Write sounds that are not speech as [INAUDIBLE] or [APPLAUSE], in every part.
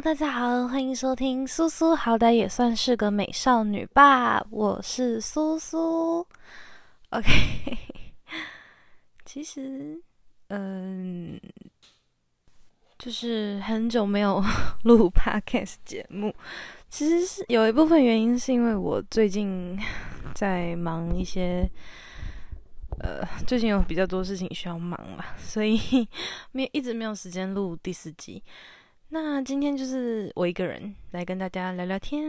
大家好，歡迎收聽蘇蘇，好歹也算是個美少女吧？我是蘇蘇。OK， [LAUGHS] 其實，嗯，就是很久沒有錄 [LAUGHS] Podcast 節目，其實是有一部分原因是因為我最近在忙一些，呃，最近有比較多事情需要忙嘛，所以沒有一直沒有時間錄第四集。那今天就是我一個人來跟大家聊聊天，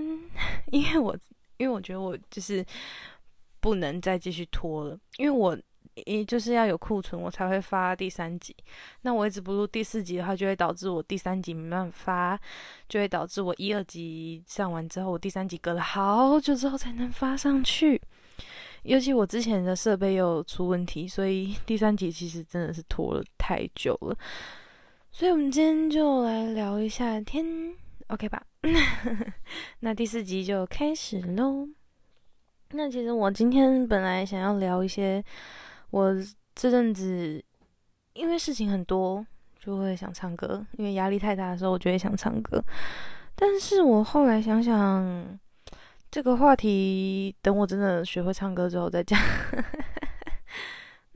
因為我因為我覺得我就是不能再繼續拖了，因為我也就是要有庫存我才會發第三集。那我一直不錄第四集的話，就會導致我第三集沒辦法發，就會導致我一二集上完之後，我第三集隔了好久之後才能發上去。尤其我之前的設備又出問題，所以第三集其實真的是拖了太久了。所以，我們今天就來聊一下天，OK 吧？ [LAUGHS] 那第四集就開始嘍。那其實我今天本來想要聊一些，我這陣子因為事情很多，就會想唱歌，因為壓力太大的時候，我就會想唱歌。但是我後來想想，這個話題等我真的學會唱歌之後再講。 [LAUGHS]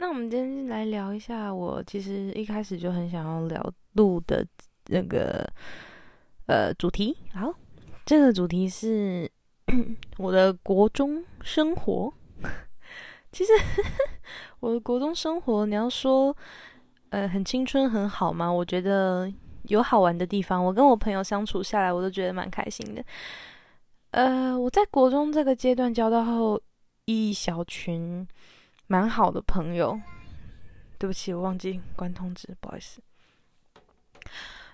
那我們今天來聊一下，我其實一開始就很想要聊錄的那個呃主題。好，這個主題是我的國中生活。其實我的國中生活，你要說呃很青春很好嘛？我覺得有好玩的地方。我跟我朋友相處下來，我都覺得蠻開心的。呃，我在國中這個階段交到後一小群。蠻好的朋友，對不起，我忘記關通知，不好意思。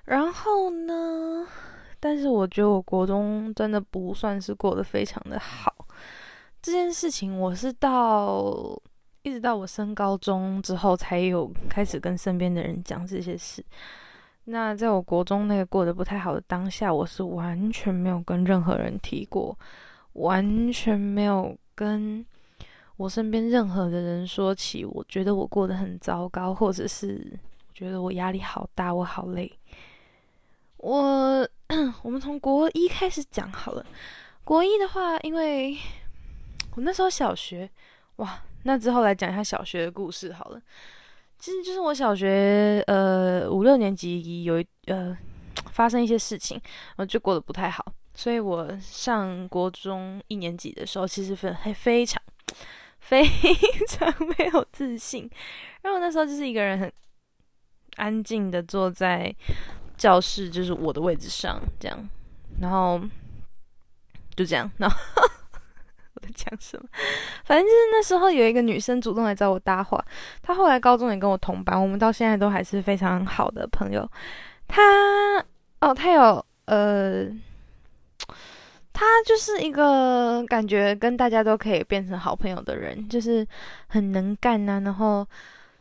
然後呢，但是我覺得我國中真的不算是過得非常的好。這件事情我是到一直到我升高中之後，才有開始跟身邊的人講這些事。那在我國中那個過得不太好的當下，我是完全沒有跟任何人提過，完全沒有跟。我身邊任何的人說起，我覺得我過得很糟糕，或者是我覺得我壓力好大，我好累。我我們從國一開始講好了，國一的話，因為我那時候小學哇，那之後來講一下小學的故事好了。其實就是我小學呃五六年級有一呃發生一些事情，我就過得不太好，所以我上國中一年級的時候，其實還非常。非常沒有自信，然後那時候就是一個人很安靜的坐在教室，就是我的位置上這樣，然後就這樣，然後 [LAUGHS] 我在講什麼？反正就是那時候有一個女生主動來找我搭話，她後來高中也跟我同班，我們到現在都還是非常好的朋友。她哦，她有呃。他就是一個感覺跟大家都可以變成好朋友的人，就是很能幹吶、啊，然後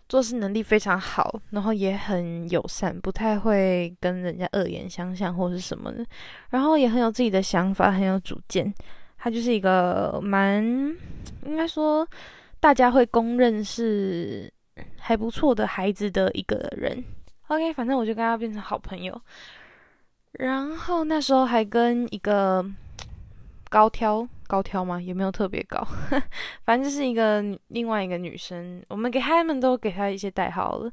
做事能力非常好，然後也很友善，不太會跟人家惡言相向或是什麼的，然後也很有自己的想法，很有主見。他就是一個蠻應該說大家會公認是還不錯的孩子的一個人。OK，反正我就跟他變成好朋友，然後那時候還跟一個。高挑高挑嗎？也沒有特別高， [LAUGHS] 反正就是一個另外一個女生。我們給他們都給她一些代號了。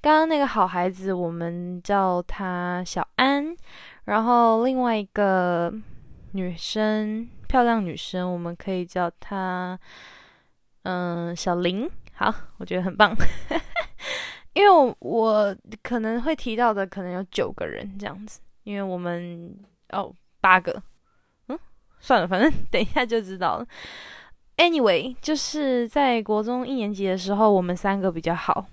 剛剛那個好孩子，我們叫她小安。然後另外一個女生，漂亮女生，我們可以叫她嗯、呃、小林。好，我覺得很棒， [LAUGHS] 因為我，我可能會提到的可能有九個人這樣子，因為我們哦八個。算了，反正等一下就知道了。Anyway，就是在國中一年級的時候，我們三個比較好。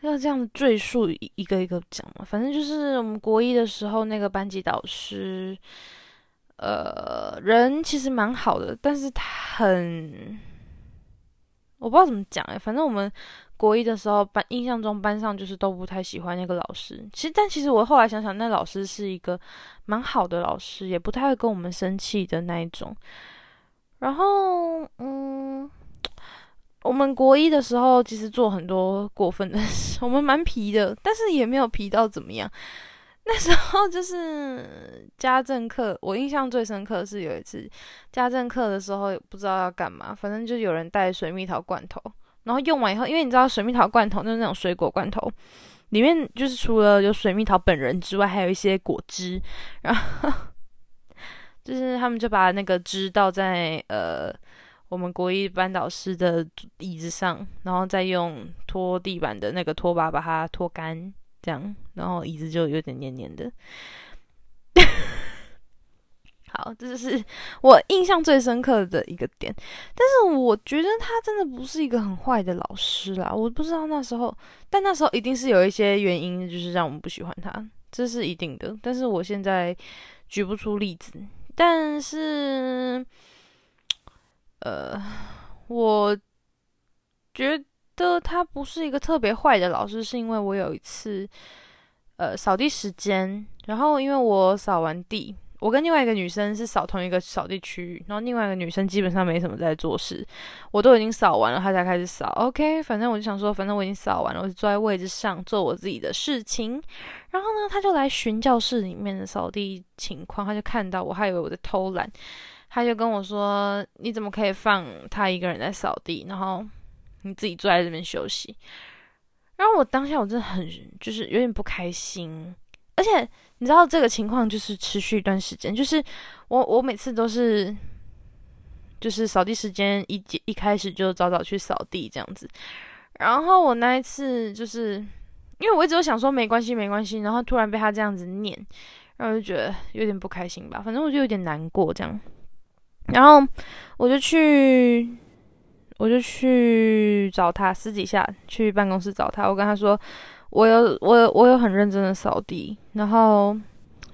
要這樣子贅述一一個一個講嘛。反正就是我們國一的時候，那個班級導師，呃，人其實蠻好的，但是他很，我不知道怎麼講哎、欸，反正我們。國一的時候，班印象中班上就是都不太喜歡那個老師。其實，但其實我後來想想，那老師是一個蠻好的老師，也不太會跟我們生氣的那一種。然後，嗯，我們國一的時候其實做很多過分的事，我們蠻皮的，但是也沒有皮到怎麼樣。那時候就是家政課，我印象最深刻是有一次家政課的時候，不知道要幹嘛，反正就有人帶水蜜桃罐頭。然後用完以後，因為你知道水蜜桃罐頭就是那種水果罐頭，裡面就是除了有水蜜桃本人之外，還有一些果汁。然後就是他們就把那個汁倒在呃我們國一班導師的椅子上，然後再用拖地板的那個拖把把它拖乾，這樣，然後椅子就有點黏黏的。 [LAUGHS] 好，這是我印象最深刻的一個點，但是我覺得他真的不是一個很壞的老師啦。我不知道那時候，但那時候一定是有一些原因，就是讓我們不喜歡他，這是一定的。但是我現在舉不出例子，但是，呃，我覺得他不是一個特別壞的老師，是因為我有一次，呃，掃地時間，然後因為我掃完地。我跟另外一個女生是掃同一個掃地區域，然後另外一個女生基本上沒什麼在做事，我都已經掃完了，她才開始掃。OK，反正我就想說，反正我已經掃完了，我就坐在位置上做我自己的事情。然後呢，她就來巡教室裡面的掃地情況，她就看到我，還以為我在偷懶，她就跟我說：“你怎麼可以放她一個人在掃地，然後你自己坐在這邊休息？”然後我當下我真的很就是有點不開心，而且。你知道這個情況就是持續一段時間，就是我我每次都是，就是掃地時間一一開始就早早去掃地這樣子，然後我那一次就是，因為我一直都想說沒關係沒關係，然後突然被他這樣子念，然後我就覺得有點不開心吧，反正我就有點難過這樣，然後我就去我就去找他私底下去辦公室找他，我跟他說。我有我有我有很認真的掃地，然後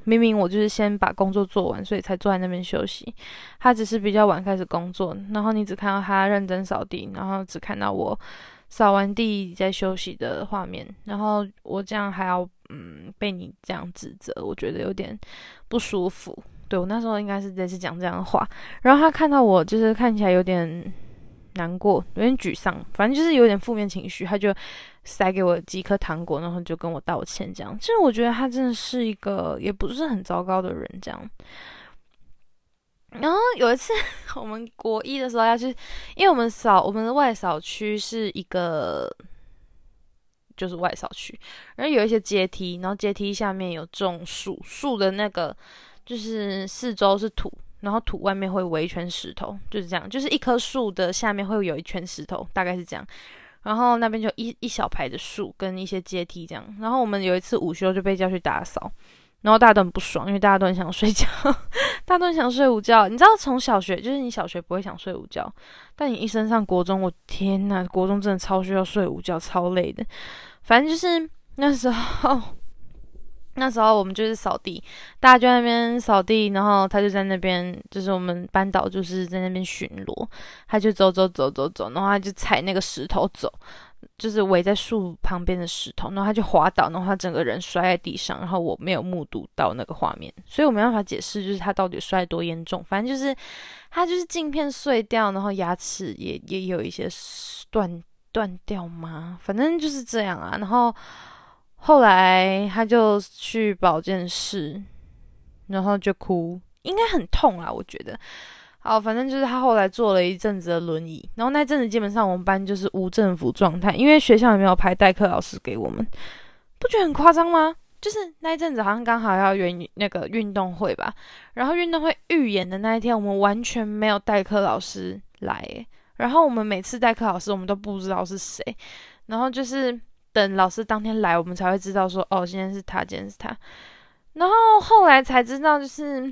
明明我就是先把工作做完，所以才坐在那邊休息。他只是比較晚開始工作，然後你只看到他認真掃地，然後只看到我掃完地在休息的畫面，然後我這樣還要嗯被你這樣指責，我覺得有點不舒服。對我那時候應該是在這講這樣的話，然後他看到我就是看起來有點。難過，有點沮喪，反正就是有點負面情緒。他就塞給我幾顆糖果，然後就跟我道歉，這樣。其實我覺得他真的是一個也不是很糟糕的人，這樣。然後有一次，我們國一的時候要去，因為我們掃，我們的外掃區是一個，就是外掃區，然後有一些階梯，然後階梯下面有種樹，樹的那個就是四周是土。然後土外面會圍一圈石頭，就是這樣，就是一棵樹的下面會有一圈石頭，大概是這樣。然後那邊就一一小排的樹跟一些階梯這樣。然後我們有一次午休就被叫去打掃，然後大家都很不爽，因為大家都很想睡覺， [LAUGHS] 大家都很想睡午覺。你知道從小學就是你小學不會想睡午覺，但你一升上國中，我天哪，國中真的超需要睡午覺，超累的。反正就是那時候。那時候我們就是掃地，大家就在那邊掃地，然後他就在那邊，就是我們班導就是在那邊巡邏，他就走走走走走，然後他就踩那個石頭走，就是圍在樹旁邊的石頭，然後他就滑倒，然後他整個人摔在地上。然後我沒有目睹到那個畫面，所以我沒辦法解釋，就是他到底摔得多嚴重，反正就是他就是鏡片碎掉，然後牙齒也也有一些斷斷掉嗎？反正就是這樣啊，然後。後來他就去保健室，然後就哭，應該很痛啊，我覺得。好，反正就是他後來坐了一陣子的輪椅，然後那陣子基本上我們班就是無政府狀態，因為學校也沒有排代課老師給我們，不覺得很誇張嗎？就是那一陣子好像剛好要演那個運動會吧，然後運動會預演的那一天，我們完全沒有代課老師來，欸，然後我們每次代課老師我們都不知道是誰，然後就是。等老師當天來，我們才會知道說，哦，今天是他，今天是他。然後後來才知道，就是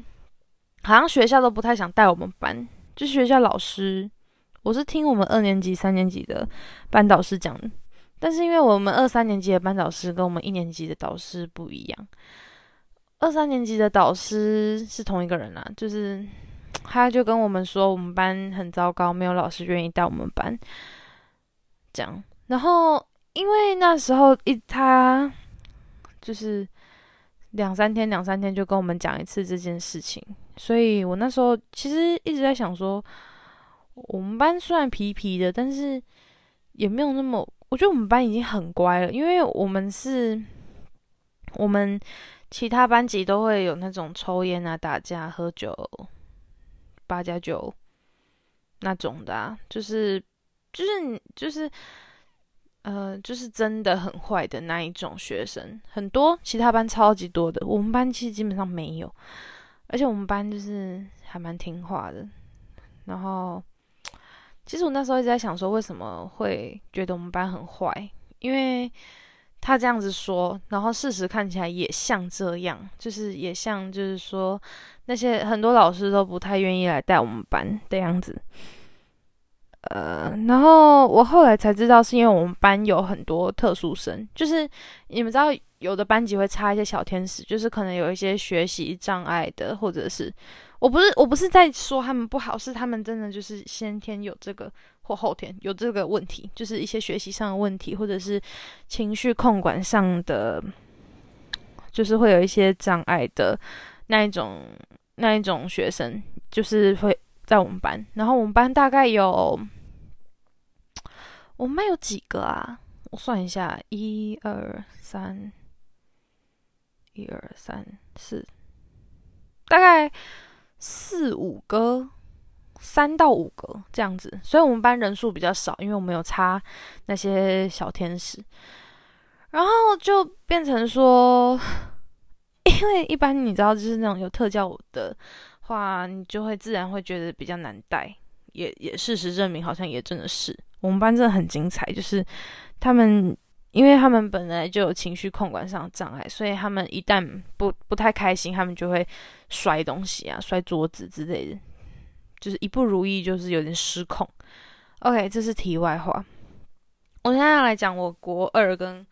好像學校都不太想帶我們班。就學校老師，我是聽我們二年級、三年級的班導師講的。但是因為我們二三年級的班導師跟我們一年級的導師不一樣，二三年級的導師是同一個人啊，就是他就跟我們說，我們班很糟糕，沒有老師願意帶我們班。這樣，然後。因為那時候一他就是兩三天兩三天就跟我們講一次這件事情，所以我那時候其實一直在想說，我們班雖然皮皮的，但是也沒有那麼，我覺得我們班已經很乖了，因為我們是，我們其他班級都會有那種抽菸啊、打架、喝酒、八加九那種的，啊，就是就是就是。呃，就是真的很壞的那一種學生，很多其他班超級多的，我們班其實基本上沒有，而且我們班就是還蠻聽話的。然後，其實我那時候一直在想說，為什麼會覺得我們班很壞？因為他這樣子說，然後事實看起來也像這樣，就是也像就是說那些很多老師都不太願意來帶我們班的樣子。呃，然後我後來才知道，是因為我們班有很多特殊生，就是你們知道，有的班級會插一些小天使，就是可能有一些學習障礙的，或者是我不是我不是在說他們不好，是他們真的就是先天有這個，或後天有這個問題，就是一些學習上的問題，或者是情緒控管上的，就是會有一些障礙的那一種那一種學生，就是會。在我們班，然後我們班大概有，我們班有幾個啊？我算一下，一二三，一二三四，大概四五個，三到五個這樣子。所以我們班人數比較少，因為我們有差那些小天使，然後就變成說，因為一般你知道，就是那種有特教的。話你就會自然會覺得比較難帶，也也事實證明好像也真的是我們班真的很精彩，就是他們，因為他們本來就有情緒控管上的障礙，所以他們一旦不不太開心，他們就會摔東西啊、摔桌子之類的，就是一不如意就是有點失控。OK，這是題外話，我現在要來講我國二跟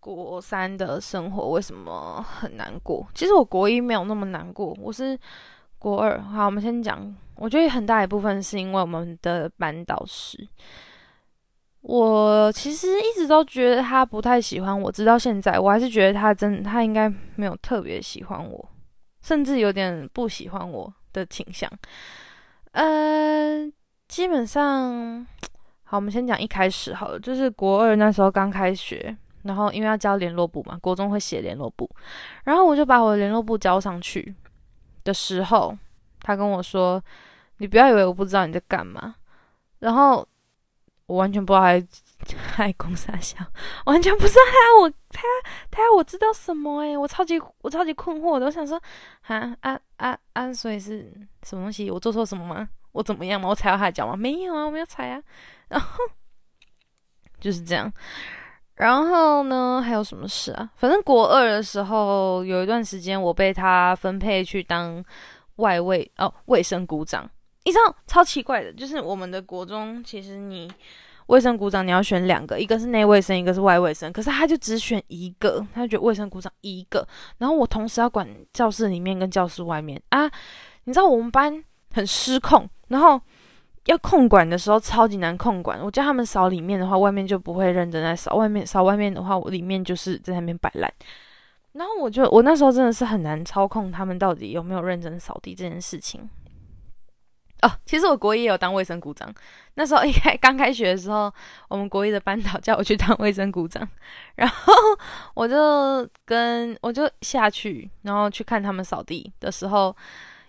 國三的生活為什麼很難過？其實我國一沒有那麼難過，我是。國二好，我們先講。我覺得很大一部分是因為我們的班導師，我其實一直都覺得他不太喜歡我，直到現在，我還是覺得他真他應該沒有特別喜歡我，甚至有點不喜歡我的傾向。嗯、呃，基本上，好，我們先講一開始好了，就是國二那時候剛開學，然後因為要交聯絡簿嘛，國中會寫聯絡簿，然後我就把我的聯絡簿交上去的時候，他跟我說：“你不要以為我不知道你在幹嘛。”然後我完，全不我完全不知道他，他愛哭傻笑，完全不知道他要我他他要我知道什麼、欸？哎，我超級我超級困惑的，我想說，啊啊啊啊！所以是什麼東西？我做錯什麼嗎？我怎麼樣嗎？我踩到他的腳嗎？沒有啊，我沒有踩啊。然後就是這樣。然後呢？還有什麼事啊？反正國二的時候，有一段時間我被他分配去當外衛哦，衛生股長。你知道超奇怪的，就是我們的國中，其實你衛生股長你要選兩個，一個是內衛生，一個是外衛生。可是他就只選一個，他就覺得衛生股長一個。然後我同時要管教室裡面跟教室外面啊，你知道我們班很失控，然後。要控管的時候超級難控管，我叫他們掃裡面的話，外面就不會認真在掃；外面掃外面的話，我裡面就是在那邊擺爛。然後我就我那時候真的是很難操控他們到底有沒有認真掃地這件事情。啊、哦，其實我國一也有當衛生股長，那時候一開剛開學的時候，我們國一的班導叫我去當衛生股長，然後我就跟我就下去，然後去看他們掃地的時候，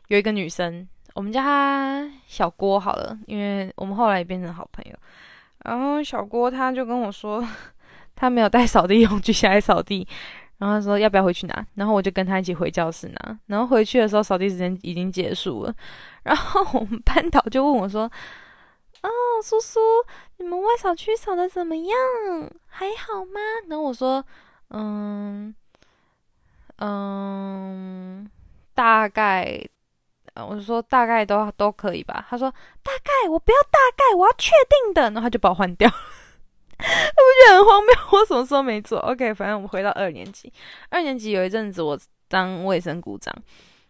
有一個女生。我們叫他小郭好了，因為我們後來也變成好朋友。然後小郭他就跟我說，他沒有帶掃地用具下來掃地，然後他說要不要回去拿？然後我就跟他一起回教室拿。然後回去的時候，掃地時間已經結束了。然後我們班導就問我說：“哦，蘇蘇，你們外掃區掃得怎麼樣？還好嗎？”然後我說：“嗯嗯，大概。”我就說大概都都可以吧，他說大概，我不要大概，我要確定的，然後他就把我換掉， [LAUGHS] 我覺得很荒謬，我什麼時候沒做？OK，反正我們回到二年級，二年級有一陣子我當衛生股長，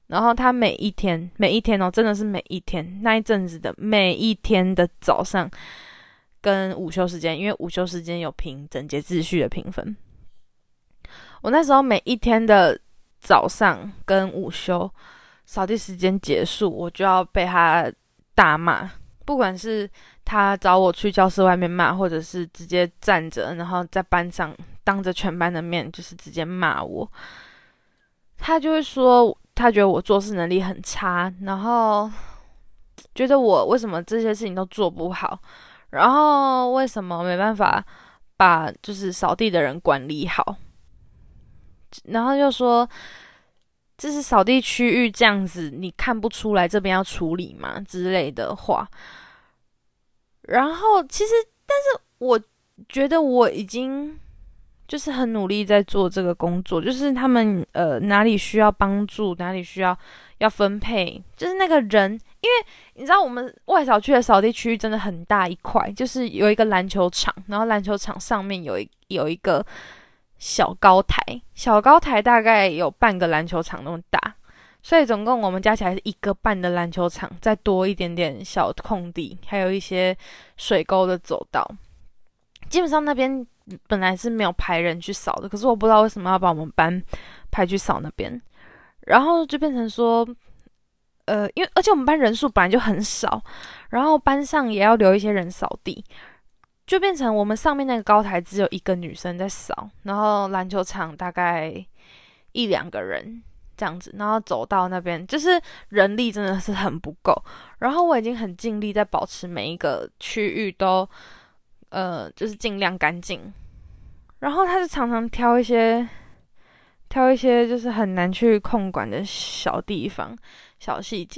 然後他每一天每一天哦，真的是每一天，那一陣子的每一天的早上跟午休時間，因為午休時間有評整潔秩序的評分，我那時候每一天的早上跟午休。掃地時間結束，我就要被他大罵。不管是他找我去教室外面罵，或者是直接站着，然後在班上當着全班的面，就是直接罵我。他就會說，他覺得我做事能力很差，然後覺得我為什麼這些事情都做不好，然後為什麼沒辦法把就是掃地的人管理好，然後又說。這是掃地區域這樣子，你看不出來這邊要處理嗎之類的話？然後其實，但是我覺得我已經就是很努力在做這個工作，就是他們呃哪裡需要幫助，哪裡需要要分配，就是那個人，因為你知道我們外掃區的掃地區域真的很大一塊，就是有一個籃球場，然後籃球場上面有一有一個。小高台，小高台大概有半個籃球場那麼大，所以總共我們加起來是一個半的籃球場，再多一點點小空地，還有一些水溝的走道。基本上那邊本來是沒有排人去掃的，可是我不知道為什麼要把我們班排去掃那邊，然後就變成說，呃，因為而且我們班人數本來就很少，然後班上也要留一些人掃地。就變成我們上面那個高台只有一個女生在掃，然後籃球場大概一兩個人這樣子，然後走到那邊，就是人力真的是很不夠。然後我已經很盡力在保持每一個區域都，呃，就是盡量乾淨。然後他就常常挑一些，挑一些就是很難去控管的小地方、小細節，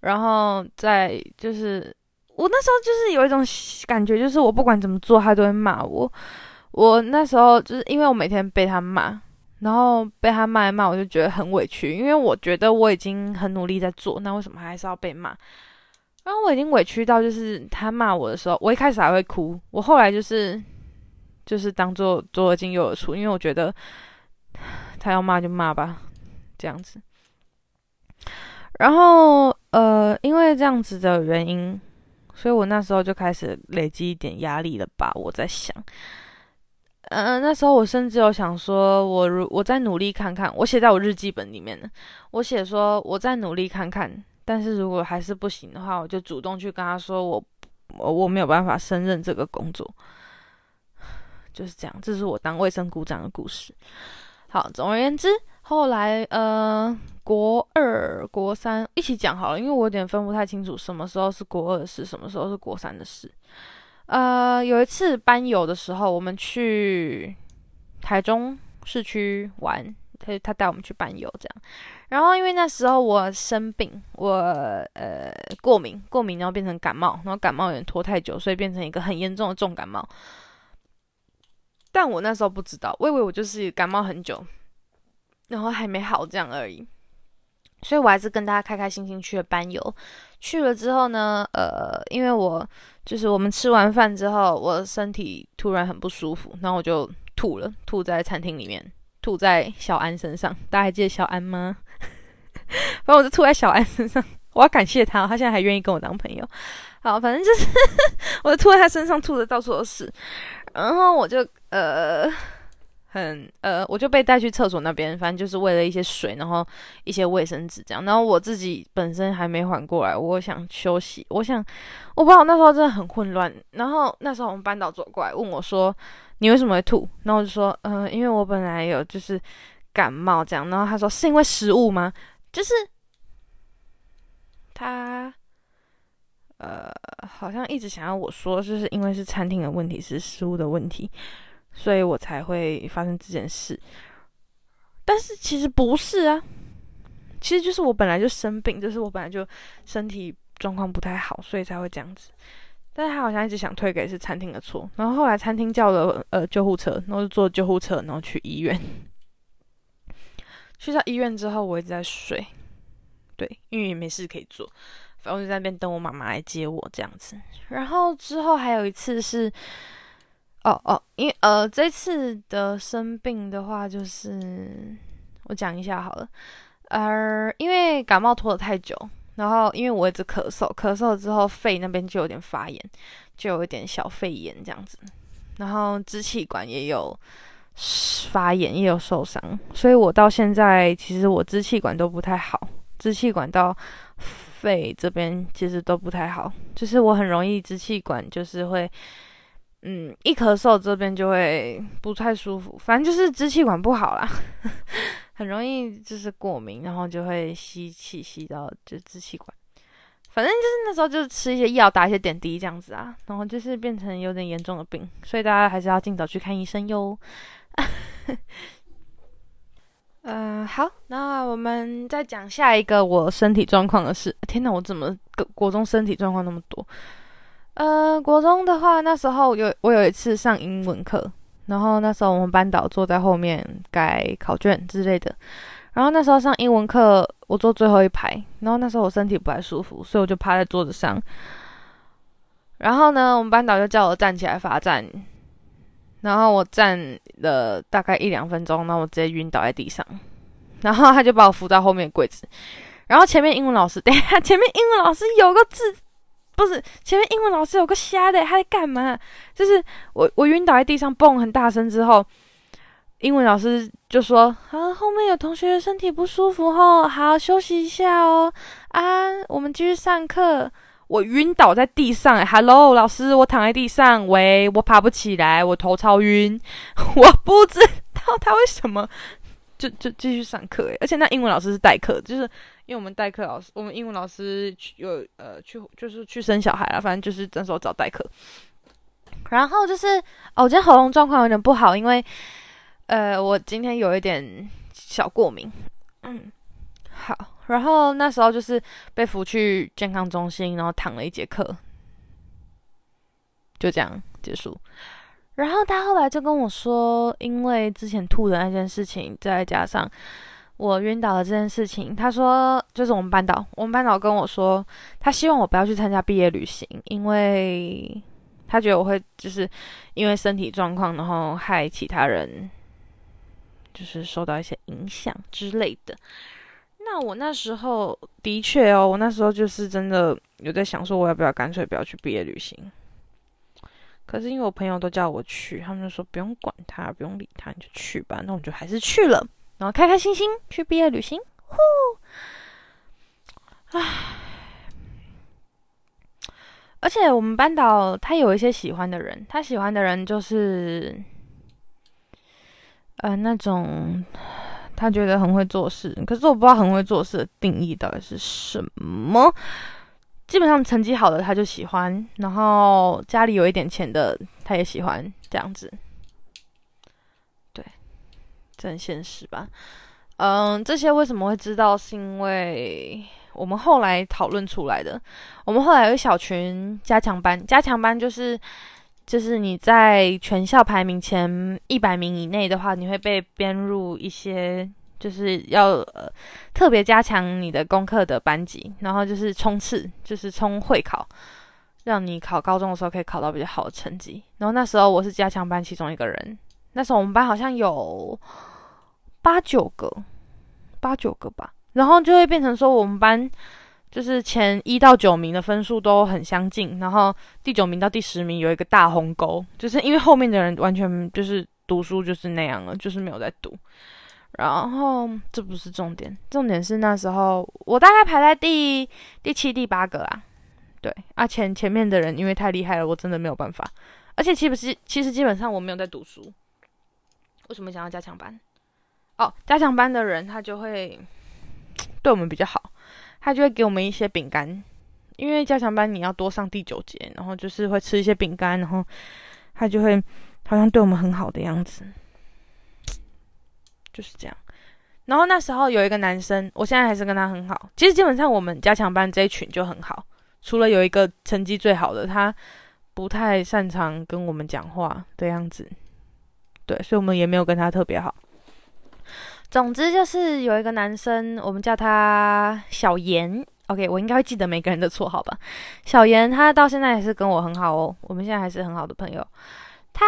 然後在就是。我那時候就是有一種感覺，就是我不管怎麼做，他都會罵我。我那時候就是因為我每天被他罵，然後被他罵一罵，我就覺得很委屈，因為我覺得我已經很努力在做，那為什麼還是要被罵？然後我已經委屈到，就是他罵我的時候，我一開始還會哭，我後來就是就是當作做左耳進右耳出，因為我覺得他要罵就罵吧，這樣子。然後呃，因為這樣子的原因。所以，我那時候就開始累積一點壓力了吧？我在想，呃，那時候我甚至有想說我，我如我再努力看看，我寫在我日記本裡面呢，我寫說我再努力看看，但是如果還是不行的話，我就主動去跟他說我，我我我沒有辦法勝任這個工作，就是這樣。這是我當衛生股長的故事。好，總而言之。後來，呃，國二、國三一起講好了，因為我有點分不太清楚什麼時候是國二的事，什麼時候是國三的事。呃，有一次班遊的時候，我們去台中市區玩，他他帶我們去班遊這樣。然後因為那時候我生病，我呃過敏，過敏然後變成感冒，然後感冒有點拖太久，所以變成一個很嚴重的重感冒。但我那時候不知道，我以為我就是感冒很久。然後還沒好這樣而已，所以我還是跟大家開開心心去了班遊。去了之後呢，呃，因為我就是我們吃完飯之後，我身體突然很不舒服，然後我就吐了，吐在餐廳裡面，吐在小安身上。大家還記得小安嗎？反正我就吐在小安身上，我要感謝他、哦，他現在還願意跟我當朋友。好，反正就是我就吐在他身上，吐的到處都是，然後我就呃。很呃，我就被帶去廁所那邊，反正就是餵了一些水，然後一些衛生紙這樣。然後我自己本身還沒緩過來，我想休息，我想，我不知道那時候真的很混亂。然後那時候我們班導走過來問我說：“你為什麼會吐？”然後我就說：“嗯、呃，因為我本來有就是感冒這樣。”然後他說：“是因為食物嗎？”就是他呃，好像一直想要我說，就是因為是餐廳的問題，是食物的問題。所以我才會發生這件事，但是其實不是啊，其實就是我本來就生病，就是我本來就身體狀況不太好，所以才會這樣子。但是他好像一直想推給是餐廳的錯，然後後來餐廳叫了呃救護車，然後就坐救護車，然後去醫院。去到醫院之後，我一直在睡，對，因為也沒事可以做，反正就在那邊等我媽媽來接我這樣子。然後之後還有一次是。哦哦，因為呃這次的生病的話，就是我講一下好了。呃，因為感冒拖了太久，然後因為我一直咳嗽，咳嗽了之後肺那邊就有點發炎，就有一點小肺炎這樣子。然後支氣管也有發炎，也有受傷，所以我到現在其實我支氣管都不太好，支氣管到肺這邊其實都不太好，就是我很容易支氣管就是會。嗯，一咳嗽這邊就會不太舒服，反正就是支氣管不好啦，呵呵，很容易就是過敏，然後就會吸氣吸到就支氣管，反正就是那時候就是吃一些藥打一些點滴這樣子啊，然後就是變成有點嚴重的病，所以大家還是要盡早去看醫生喲。嗯， [LAUGHS] 呃，好，那我們再講下一個我身體狀況的事。天哪，我怎麼個國中身體狀況那麼多？呃，國中的話，那時候有我有一次上英文課，然後那時候我們班導坐在後面改考卷之類的，然後那時候上英文課，我坐最後一排，然後那時候我身體不太舒服，所以我就趴在桌子上，然後呢，我們班導就叫我站起來罰站，然後我站了大概一兩分鐘，然後我直接暈倒在地上，然後他就把我扶到後面櫃子，然後前面英文老師，等一下，前面英文老師有個字。不是，前面英文老師有個瞎的，他在幹嘛？就是我，我暈倒在地上，蹦很大聲之後，英文老師就說：“啊，後面有同學身體不舒服哦，好，休息一下哦，啊，我們繼續上課。”我暈倒在地上，哎，Hello，老師，我躺在地上，喂，我爬不起來，我頭超暈，我不知道他為什麼。就就繼續上課，而且那英文老師是代課，就是因為我們代課老師，我們英文老師有呃去就是去生小孩了，反正就是那時候我找代課。然後就是，哦，我今天喉嚨狀況有點不好，因為呃我今天有一點小過敏。嗯，好，然後那時候就是被扶去健康中心，然後躺了一節課，就這樣結束。然後他後來就跟我說，因為之前吐的那件事情，再加上我暈倒了這件事情，他說就是我們班導，我們班導跟我說，他希望我不要去參加畢業旅行，因為他覺得我會就是因為身體狀況，然後害其他人就是受到一些影響之類的。那我那時候的確哦，我那時候就是真的有在想，說我要不要乾脆不要去畢業旅行。可是因為我朋友都叫我去，他們就說不用管他，不用理他，你就去吧。那我就還是去了，然後開開心心去畢業旅行。呼，唉，而且我們班導他有一些喜歡的人，他喜歡的人就是，呃，那種他覺得很會做事。可是我不知道很會做事的定義到底是什麼？基本上成績好的他就喜歡，然後家裡有一點錢的他也喜歡這樣子，對，這很現實吧？嗯，這些為什麼會知道？是因為我們後來討論出來的。我們後來有一小群加強班，加強班就是就是你在全校排名前一百名以內的話，你會被編入一些。就是要呃特別加強你的功課的班級，然後就是衝刺，就是衝會考，讓你考高中的時候可以考到比較好的成績。然後那時候我是加強班其中一個人，那時候我們班好像有八九個，八九個吧，然後就會變成說我們班就是前一到九名的分數都很相近，然後第九名到第十名有一個大鴻溝，就是因為後面的人完全就是讀書就是那樣了，就是沒有在讀。然後這不是重點，重點是那時候我大概排在第第七、第八個啦，對啊前，前前面的人因為太厲害了，我真的沒有辦法。而且，其實，其實基本上我沒有在讀書。為什麼想要加強班？哦，加強班的人他就會對我們比較好，他就會給我們一些餅乾，因為加強班你要多上第九節，然後就是會吃一些餅乾，然後他就會好像對我們很好的樣子。就是這樣，然後那時候有一個男生，我現在還是跟他很好。其實基本上我們加強班這一群就很好，除了有一個成績最好的，他不太擅長跟我們講話的樣子，對，所以我們也沒有跟他特別好。總之就是有一個男生，我們叫他小嚴。OK，我應該會記得每個人的綽號吧？小嚴，他到現在也是跟我很好哦，我們現在還是很好的朋友。他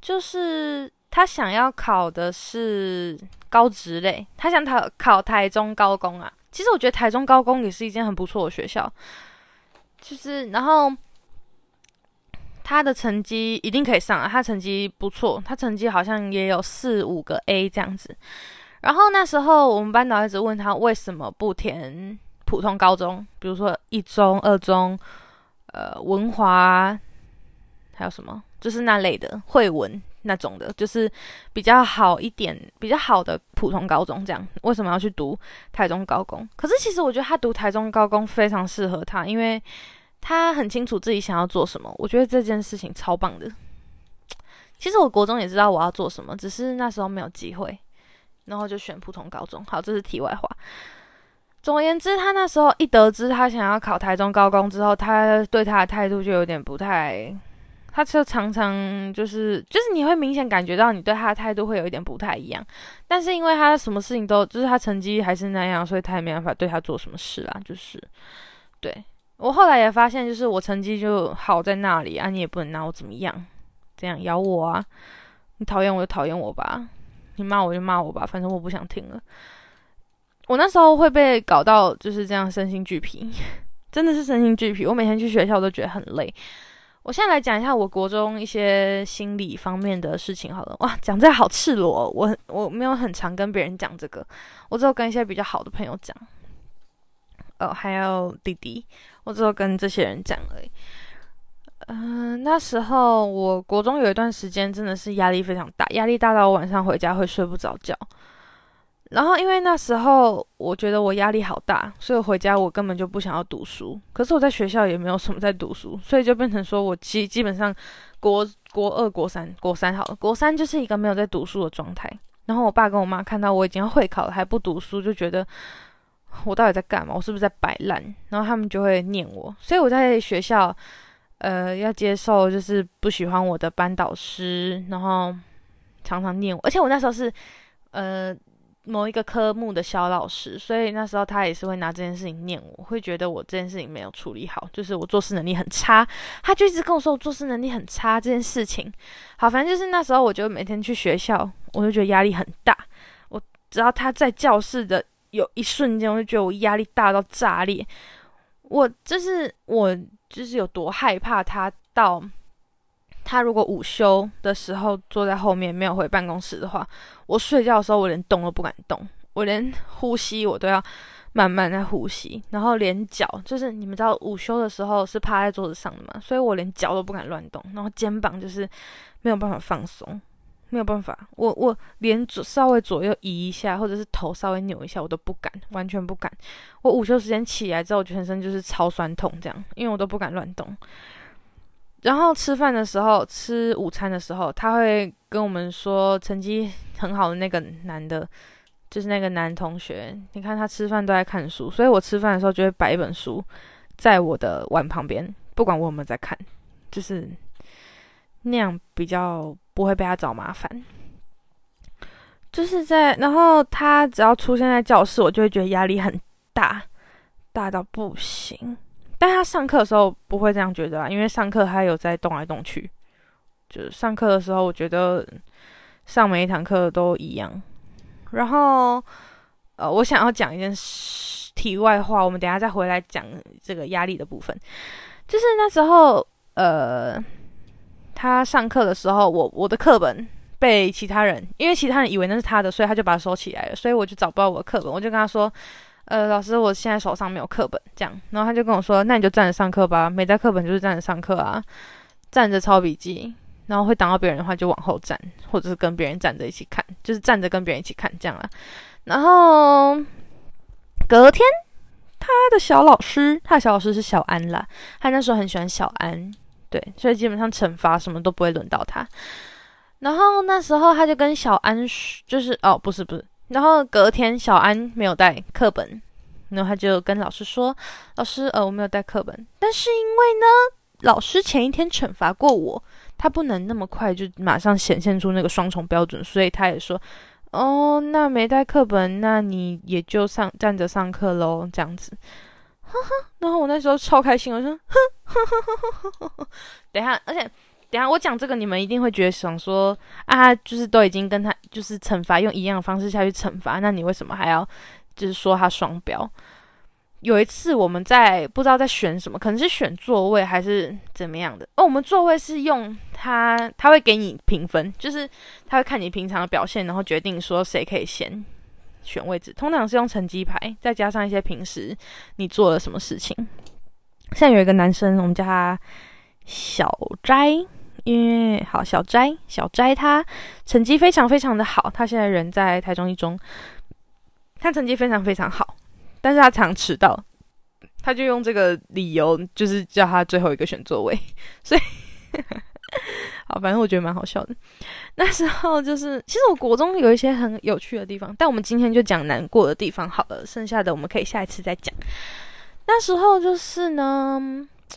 就是。他想要考的是高職類，他想考考臺中高工啊。其實我覺得臺中高工也是一間很不錯的學校，就是然後他的成績一定可以上啊，他成績不錯，他成績好像也有四五個 A 這樣子。然後那時候我們班導一直問他為什麼不填普通高中，比如說一中、二中、呃文華，還有什麼就是那類的惠文。那種的就是比較好一點、比較好的普通高中，這樣為什麼要去讀台中高工？可是其實我覺得他讀台中高工非常適合他，因為他很清楚自己想要做什麼。我覺得這件事情超棒的。其實我國中也知道我要做什麼，只是那時候沒有機會，然後就選普通高中。好，這是題外話。總而言之，他那時候一得知他想要考台中高工之後，他對他的態度就有點不太。他就常常就是就是你會明顯感覺到你對他的態度會有一點不太一樣，但是因為他什麼事情都就是他成績還是那樣，所以他也沒辦法對他做什麼事啦。就是，對。我後來也發現，就是我成績就好在那裡啊，你也不能拿我怎麼樣，這樣咬我啊，你討厭我就討厭我吧，你罵我就罵我吧，反正我不想聽了。我那時候會被搞到就是這樣身心俱疲， [LAUGHS] 真的是身心俱疲。我每天去學校都覺得很累。我現在來講一下我國中一些心理方面的事情好了。哇，講這好赤裸，哦，我我沒有很常跟別人講這個，我只有跟一些比較好的朋友講。哦，還有弟弟，我只有跟這些人講而已。嗯、呃，那時候我國中有一段時間真的是壓力非常大，壓力大到我晚上回家會睡不着覺。然後，因為那時候我覺得我壓力好大，所以回家我根本就不想要讀書。可是我在學校也沒有什麼在讀書，所以就變成說我基基本上國國二、國三、國三好了，國三就是一個沒有在讀書的狀態。然後我爸跟我媽看到我已經要會考了還不讀書，就覺得我到底在幹嘛？我是不是在擺爛？然後他們就會念我。所以我在學校，呃，要接受就是不喜歡我的班導師，然後常常念我。而且我那時候是，呃。某一個科目的小老師，所以那時候他也是會拿這件事情念我，會覺得我這件事情沒有處理好，就是我做事能力很差，他就一直跟我說我做事能力很差這件事情。好，反正就是那時候，我就每天去學校，我就覺得壓力很大。我只要他在教室的有一瞬間，我就覺得我壓力大到炸裂。我就是我就是有多害怕他到。他如果午休的時候坐在後面沒有回辦公室的話，我睡覺的時候我連動都不敢動，我連呼吸我都要慢慢在呼吸，然後連腳就是你們知道午休的時候是趴在桌子上的嘛，所以我連腳都不敢亂動，然後肩膀就是沒有辦法放鬆，沒有辦法，我我連左稍微左右移一下，或者是頭稍微扭一下我都不敢，完全不敢。我午休時間起來之後，全身就是超痠痛這樣，因為我都不敢亂動。然後吃飯的時候，吃午餐的時候，他會跟我們說成績很好的那個男的，就是那個男同學。你看他吃飯都在看書，所以我吃飯的時候就會擺一本書，在我的碗旁邊，不管我有沒有在看，就是那樣比較不會被他找麻煩。就是在，然後他只要出現在教室，我就會覺得壓力很大，大到不行。但他上課的時候不會這樣覺得啊，因為上課他有在動來動去。就是上課的時候，我覺得上每一堂課都一樣。然後，呃，我想要講一件題外話，我們等一下再回來講這個壓力的部分。就是那時候，呃，他上課的時候，我我的課本被其他人，因為其他人以為那是他的，所以他就把它收起來了，所以我就找不到我的課本。我就跟他說。呃，老師，我現在手上沒有課本，這樣，然後他就跟我說，那你就站着上課吧，沒帶課本就是站着上課啊，站着抄筆記，然後會擋到別人的話就往後站，或者是跟別人站着一起看，就是站着跟別人一起看這樣啦、啊。然後隔天他的小老師，他的小老師是小安啦，他那時候很喜歡小安，對，所以基本上懲罰什麼都不會輪到他。然後那時候他就跟小安，就是哦，不是不是。然後隔天小安沒有帶課本，然後他就跟老師說：“老師，呃，我沒有帶課本，但是因為呢，老師前一天懲罰過我，他不能那麼快就馬上顯現出那個雙重標準，所以他也說，哦，那沒帶課本，那你也就上，站着上課嘍，這樣子。” [LAUGHS] 然後我那時候超開心，我就說：“ [LAUGHS] 等一下，而且。”等下，我講這個，你們一定會覺得想說啊，就是都已經跟他就是懲罰用一樣的方式下去懲罰，那你為什麼還要就是說他雙標？有一次我們在不知道在選什麼，可能是選座位還是怎麼樣的。哦，我們座位是用他，他會給你評分，就是他會看你平常的表現，然後決定說誰可以先選位置。通常是用成績排，再加上一些平時你做了什麼事情。現在有一個男生，我們叫他小齋。因為、yeah, 好，小齋，小齋他成績非常非常的好，他現在人在台中一中，他成績非常非常好，但是他常遲到，他就用這個理由，就是叫他最後一個選座位，所以， [LAUGHS] 好，反正我覺得蠻好笑的。那時候就是，其實我國中有一些很有趣的地方，但我們今天就講難過的地方好了，剩下的我們可以下一次再講。那時候就是呢，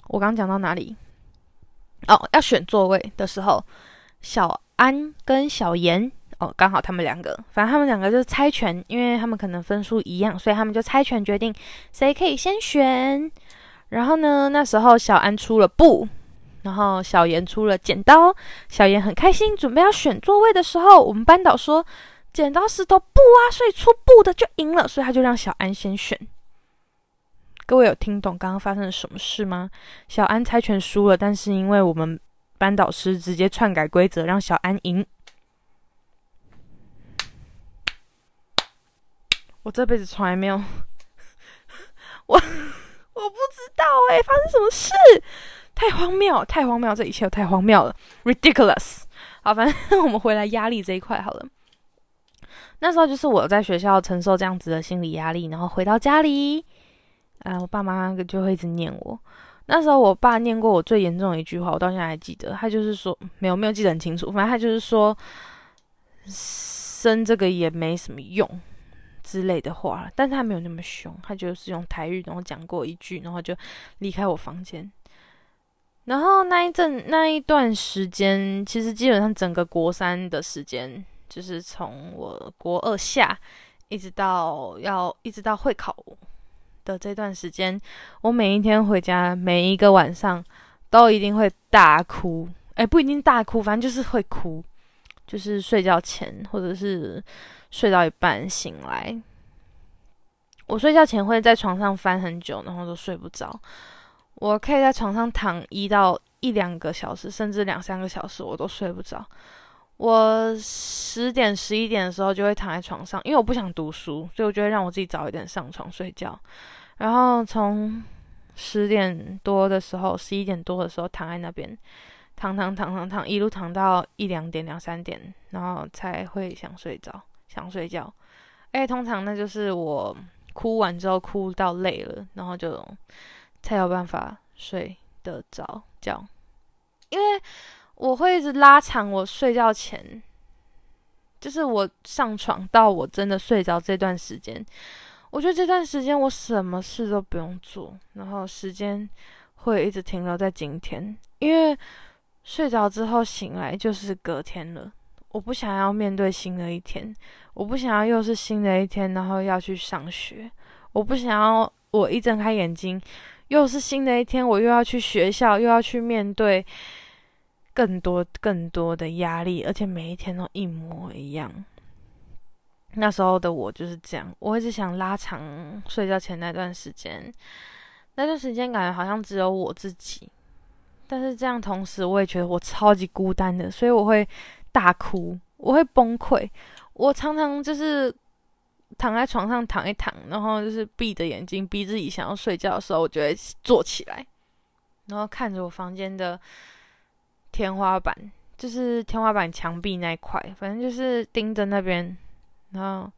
我剛講到哪裡？哦，要選座位的時候，小安跟小妍哦，剛好他們兩個，反正他們兩個就是猜拳，因為他們可能分數一樣，所以他們就猜拳決定誰可以先選。然後呢，那時候小安出了布，然後小妍出了剪刀，小妍很開心，準備要選座位的時候，我們班導說：“剪刀石頭布啊，所以出布的就贏了，所以他就讓小安先選。”各位有聽懂剛剛發生了什麼事嗎？小安猜拳輸了，但是因為我們班導師直接篡改規則，讓小安贏。我這輩子從來沒有，我我不知道誒，發生什麼事？太荒謬，太荒謬，這一切太荒謬了，ridiculous。好，反正我們回來壓力這一塊好了。那時候就是我在學校承受這樣子的心理壓力，然後回到家裡。啊，我爸媽就會一直念我。那時候我爸念過我最嚴重的一句話，我到現在還記得。他就是說，沒有，沒有記得很清楚，反正他就是說，生這個也沒什麼用之類的話。但是他沒有那麼兇，他就是用台語，然後講過一句，然後就離開我房間。然後那一陣，那一段時間，其實基本上整個國三的時間，就是從我國二下一直到，要一直到會考的這段時間，我每一天回家，每一個晚上都一定會大哭。誒，不一定大哭，反正就是會哭。就是睡覺前，或者是睡到一半醒來，我睡覺前會在床上翻很久，然後都睡不着。我可以在床上躺一到一兩個小時，甚至兩三個小時，我都睡不着。我十點、十一點的時候就會躺在床上，因為我不想讀書，所以我就會讓我自己早一點上床睡覺。然後從十點多的時候、十一點多的時候躺在那邊，躺躺躺躺躺，躺，一路躺到一兩點、兩三點，然後才會想睡着、想睡覺。誒，通常那就是我哭完之後哭到累了，然後就才有辦法睡得着覺，因為。我會一直拉長我睡覺前，就是我上床到我真的睡着這段時間。我覺得這段時間我什麼事都不用做，然後時間會一直停留在今天。因為睡着之後醒來就是隔天了，我不想要面對新的一天，我不想要又是新的一天，然後要去上學，我不想要我一睜開眼睛又是新的一天，我又要去學校，又要去面對。更多更多的壓力，而且每一天都一模一樣。那時候的我就是這樣，我一直想拉長睡覺前那段時間，那段時間感覺好像只有我自己。但是這樣同時，我也覺得我超級孤單的，所以我會大哭，我會崩潰。我常常就是躺在床上躺一躺，然後就是閉着眼睛，逼自己想要睡覺的時候，我就會坐起來，然後看着我房間的。天花板就是天花板、牆壁那一塊，反正就是盯着那邊，然後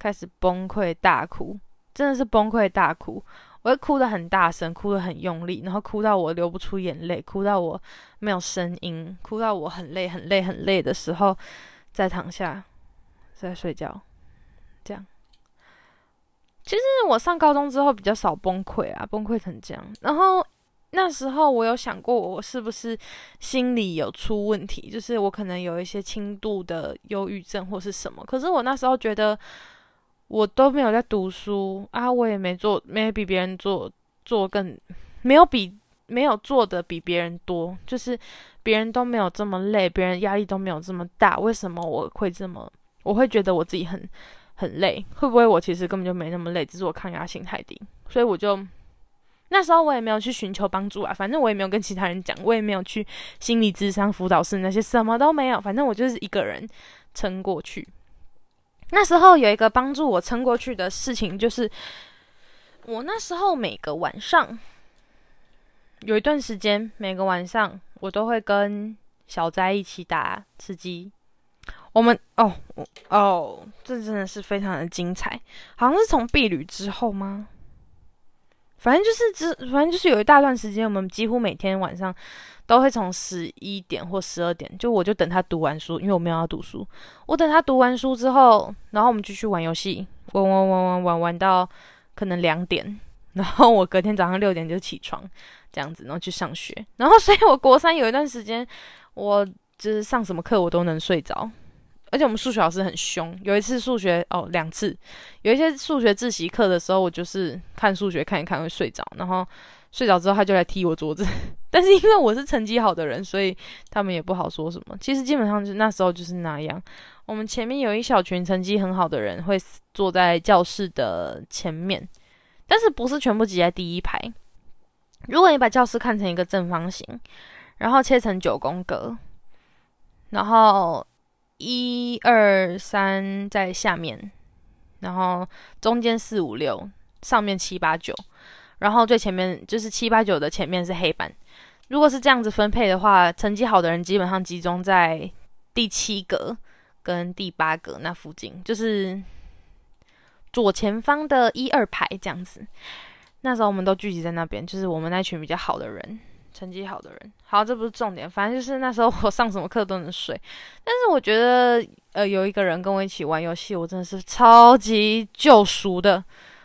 開始崩潰大哭，真的是崩潰大哭。我會哭得很大聲，哭得很用力，然後哭到我流不出眼淚，哭到我沒有聲音，哭到我很累、很累、很累的時候，再躺下，再睡覺，這樣。其實我上高中之後比較少崩潰啊，崩潰成這樣，然後。那時候我有想過，我是不是心理有出問題？就是我可能有一些輕度的憂鬱症或是什麼。可是我那時候覺得，我都沒有在讀書啊，我也沒做，沒比別人做做更沒有比沒有做得比別人多。就是別人都沒有這麼累，別人壓力都沒有這麼大，為什麼我會這麼？我會覺得我自己很很累，會不會我其實根本就沒那麼累，只是我抗壓性太低？所以我就。那時候我也沒有去尋求幫助啊，反正我也沒有跟其他人講，我也沒有去心理諮商輔導室，那些什麼都沒有。反正我就是一個人撐過去。那時候有一個幫助我撐過去的事情，就是我那時候每個晚上有一段時間，每個晚上我都會跟小災一起打吃雞。我們哦，我哦，這真的是非常的精彩，好像是從碧旅之後嗎？反正就是只，反正就是有一大段時間，我們幾乎每天晚上都會從十一點或十二點，就我就等他讀完書，因為我沒有要讀書，我等他讀完書之後，然後我們繼續玩遊戲，玩玩玩玩玩玩到可能兩點，然後我隔天早上六點就起床，這樣子，然後去上學，然後所以我國三有一段時間，我就是上什麼課我都能睡着。而且我們數學老師很兇。有一次數學哦，兩次，有一些數學自習課的時候，我就是看數學看一看會睡着，然後睡着之後他就來踢我桌子。但是因為我是成績好的人，所以他們也不好說什麼。其實基本上就那時候就是那樣。我們前面有一小群成績很好的人會坐在教室的前面，但是不是全部擠在第一排。如果你把教室看成一個正方形，然後切成九宮格，然後。一二三在下面，然後中間四五六，上面七八九，然後最前面就是七八九的前面是黑板。如果是這樣子分配的話，成績好的人基本上集中在第七格跟第八格那附近，就是左前方的一二排這樣子。那時候我們都聚集在那邊，就是我們那群比較好的人。成績好的人，好，這不是重點，反正就是那時候我上什麼課都能睡。但是我覺得，呃，有一個人跟我一起玩遊戲，我真的是超級救贖的，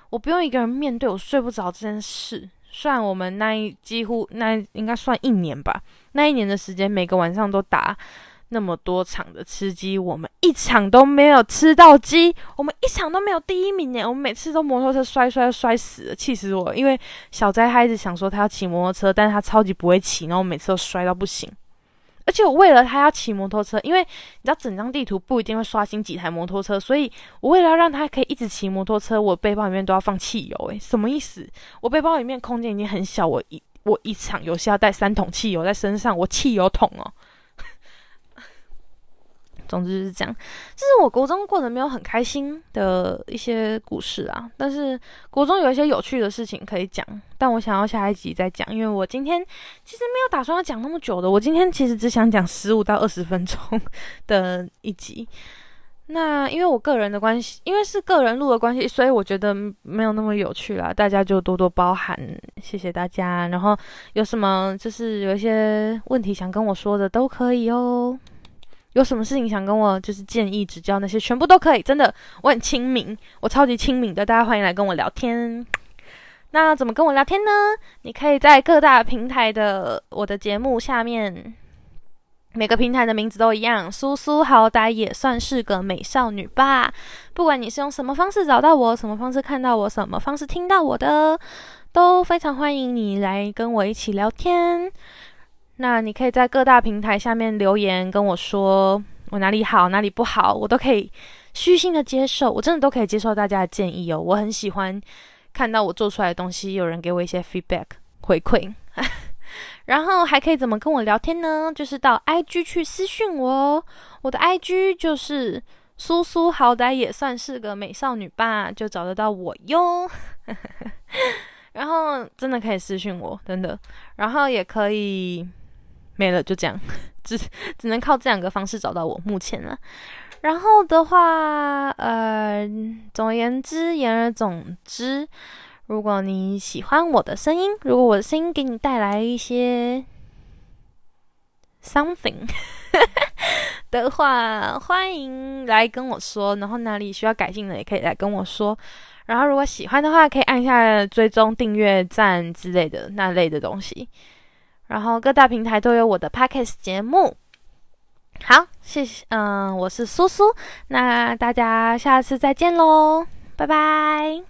我不用一個人面對我睡不着這件事。雖然我們那一，幾乎那應該算一年吧，那一年的時間每個晚上都打。那麼多場的吃雞，我們一場都沒有吃到雞，我們一場都沒有第一名誒，我們每次都摩托車摔，摔就摔死了，氣死我了。因為小災他一直想說他要騎摩托車，但是他超級不會騎，然後每次都摔到不行。而且我為了他要騎摩托車，因為你知道整張地圖不一定會刷新幾台摩托車，所以我為了要讓他可以一直騎摩托車，我背包裡面都要放汽油誒，什麼意思？我背包裡面空間已經很小，我一我一場遊戲要帶三桶汽油在身上，我汽油桶哦。總之就是這樣，這是我國中過得沒有很開心的一些故事啊。但是國中有一些有趣的事情可以講，但我想要下一集再講，因為我今天其實沒有打算要講那麼久的。我今天其實只想講十五到二十分鐘的一集。那因為我個人的關係，因為是個人錄的關係，所以我覺得沒有那麼有趣啦。大家就多多包涵，謝謝大家。然後有什麼就是有一些問題想跟我說的都可以哦。有什麼事情想跟我就是建議指教那些全部都可以，真的我很親民，我超級親民的，大家歡迎來跟我聊天。那怎麼跟我聊天呢？你可以在各大平台的我的節目下面，每個平台的名字都一樣。蘇蘇好歹也算是個美少女吧，不管你是用什麼方式找到我，什麼方式看到我，什麼方式聽到我的，都非常歡迎你來跟我一起聊天。那你可以在各大平台下面留言跟我說我哪裡好哪裡不好，我都可以虛心的接受，我真的都可以接受大家的建議哦。我很喜歡看到我做出來的東西有人給我一些 feedback 回饋， [LAUGHS] 然後還可以怎麼跟我聊天呢？就是到 IG 去私訊我哦。我的 IG 就是蘇蘇，好歹也算是個美少女吧，就找得到我喲。 [LAUGHS] 然後真的可以私訊我，真的，然後也可以。沒了，就這樣，只只能靠這兩個方式找到我目前了。然後的話，呃，總而言之，言而總之，如果你喜歡我的聲音，如果我的聲音給你帶來一些 something，呵呵，的話，歡迎來跟我說。然後哪裡需要改進的，也可以來跟我說。然後如果喜歡的話，可以按下追蹤、訂閱、讚之類的那類的東西。然後各大平台都有我的 podcast 節目，好，謝謝，嗯，我是蘇蘇，那大家下次再見嘍，拜拜。